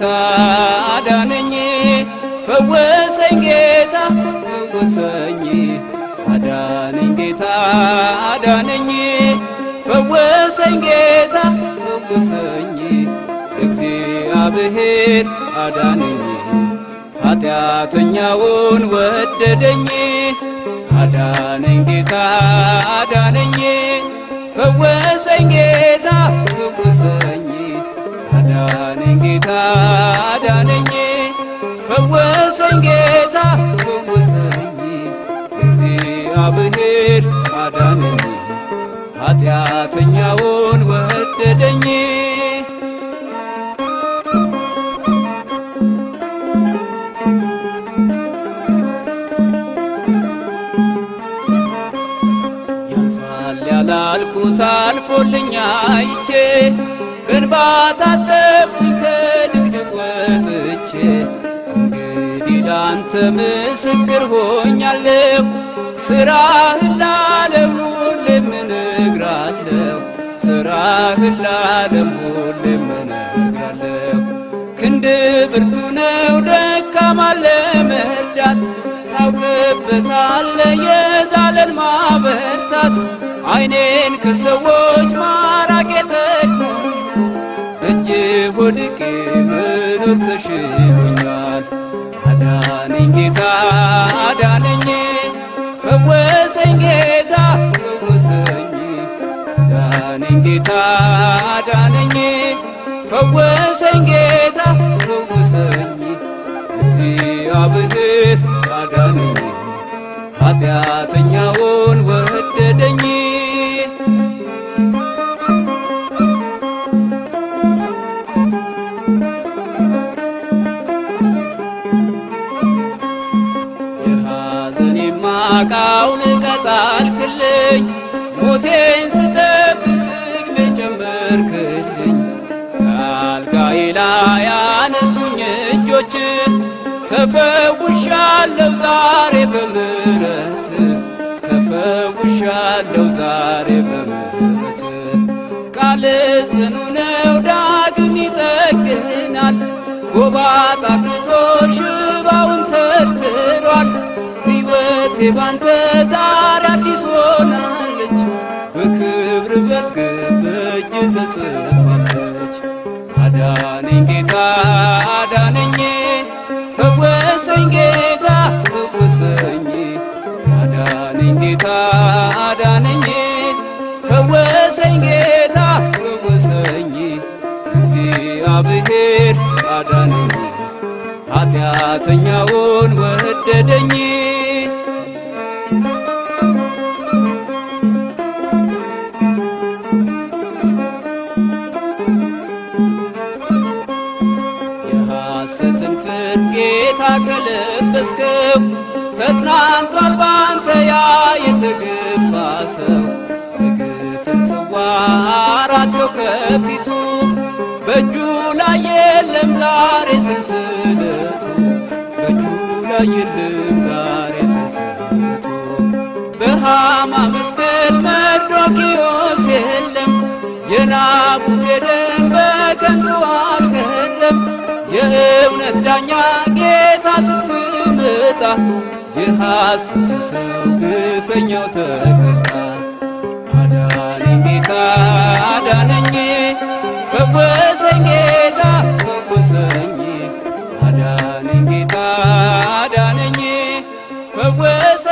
ጌታ አዳነኝ ፈወሰኝ ጌታ ፈወሰኝ አዳነኝ ጌታ አዳነኝ ፈወሰኝ ጌታ ፈወሰኝ እግዚአብሔር አዳነኝ ኃጢአተኛውን ወደደኝ አዳነኝ ጌታ አዳነኝ ፈወሰኝ ጌታ ፈወሰኝ አዳ ጌታ አዳነኝ ፈወሰኝ፣ ጌታ ፈወሰኝ፣ እግዚአብሔር አዳነኝ፣ ኃጢአተኛውን ወደደኝ። ያልፋል ያላልኩት አልፎልኛ አይቼ እንባ ታጠብኩኝ እንግዲህ ላንተ ምስክር ሆኛለሁ፣ ስራህን ላለም ሁሉ እነግራለሁ፣ ስራህን ላለም ሁሉ እነግራለሁ። ክንድ ብርቱ ነው ደካማ ለመርዳት ታውቅበታለህ የዛለን ማበርታት አይኔን ከሰዎች አዳነኝ ፈወሰኝ ጌታ ፈወሰኝ ዳነኝ ጌታ አዳነኝ ፈወሰኝ ጌታ ፈወሰኝ እግዚአብሔር አዳነኝ ሳቃውን ቀጣልክልኝ ሞቴን ስጠብቅ በጀመርክልኝ ከአልጋዬ ላይ ያነሱኝ እጆች ተፈውሻለሁ ዛሬ በምረት ተፈውሻለሁ ዛሬ በምረት ቃል ጽኑ ነው ዳግም ይጠግናል ጎባጣ ቅቶሽ ሕይወቴ ባንተ ዛሬ አዲስ ሆናለች በክብር መዝገብ በእጅ ተጽፋለች። አዳነኝ ጌታ አዳነኝ፣ ፈወሰኝ ጌታ ፈወሰኝ። አዳነኝ ጌታ አዳነኝ፣ ፈወሰኝ ጌታ ፈወሰኝ። እግዚአብሔር አዳነኝ ኃጢአተኛውን ወደደኝ ጌታ ከለበስከው ተጽናንቷል ባንተ ያ የተገፋ ሰው ጽዋ ከፊቱ በእጁ ላይ የለም ዛሬ ሰንሰለቱ በእጁ ላይ የለም ዛሬ ሰንሰለቱ በሃማ መስቀል መርዶክዮ አስሩ ሰው ግፈኛው ተቀጣ። አዳነኝ ጌታ አዳነኝ፣ ፈወሰኝ ጌታ ፈወሰኝ። አዳነኝ ጌታ አዳነኝ፣ ፈወሰ